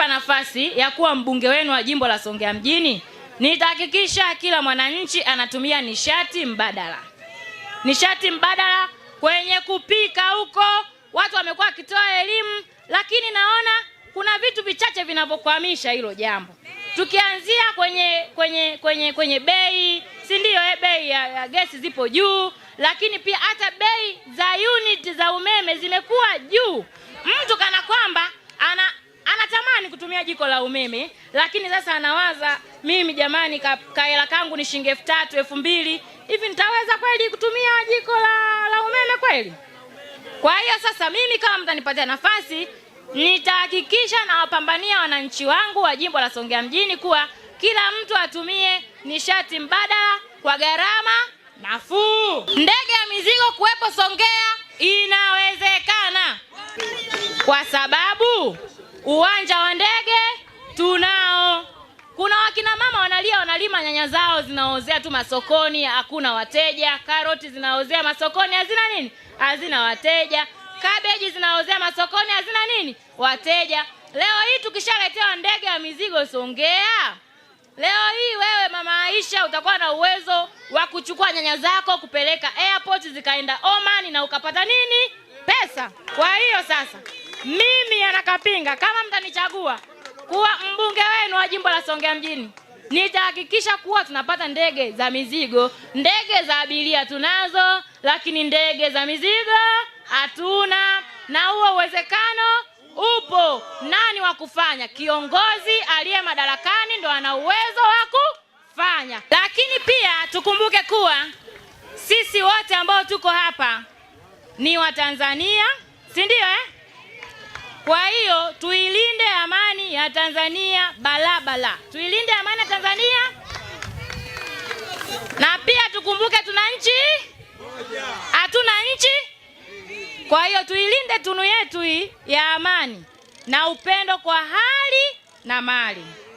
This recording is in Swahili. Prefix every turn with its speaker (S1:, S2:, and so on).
S1: mkinipa nafasi ya kuwa mbunge wenu wa jimbo la Songea mjini, nitahakikisha kila mwananchi anatumia nishati mbadala. Nishati mbadala kwenye kupika huko, watu wamekuwa wakitoa elimu, lakini naona kuna vitu vichache vinavyokwamisha hilo jambo. Tukianzia kwenye kwenye kwenye kwenye bei, si ndio? Eh, bei ya, ya gesi zipo juu, lakini pia hata bei za unit za umeme zimekuwa juu. Mtu kana kwamba anatumia jiko la umeme, lakini sasa anawaza mimi, jamani, kaela ka kangu ni shilingi elfu tatu elfu mbili hivi, nitaweza kweli kutumia jiko la, la umeme kweli? Kwa hiyo sasa mimi kama mtanipatia nafasi, nitahakikisha nawapambania wananchi wangu wa jimbo la Songea mjini kuwa kila mtu atumie nishati mbadala kwa gharama nafuu. Ndege ya mizigo kuwepo Songea inawezekana kwa sababu uwanja wa ndege tunao. Kuna wakina mama wanalia, wanalima nyanya zao zinaozea tu masokoni, hakuna wateja. Karoti zinaozea masokoni, hazina nini, hazina wateja. Kabeji zinaozea masokoni, hazina nini, wateja. Leo hii tukishaletewa ndege ya mizigo Songea, leo hii wewe mama Aisha utakuwa na uwezo wa kuchukua nyanya zako kupeleka airport zikaenda Oman na ukapata nini, pesa. Kwa hiyo sasa mimi anakapinga kama mtanichagua kuwa mbunge wenu wa jimbo la Songea mjini, nitahakikisha kuwa tunapata ndege za mizigo. Ndege za abiria tunazo, lakini ndege za mizigo hatuna, na huo uwezekano upo. Nani wa kufanya? Kiongozi aliye madarakani ndo ana uwezo wa kufanya, lakini pia tukumbuke kuwa sisi wote ambao tuko hapa ni Watanzania, si ndio eh? Kwa hiyo tuilinde amani Tanzania balabala. Tuilinde amani ya Tanzania na pia tukumbuke tuna nchi, hatuna nchi. Kwa hiyo tuilinde tunu yetu hii ya amani na upendo kwa hali na mali.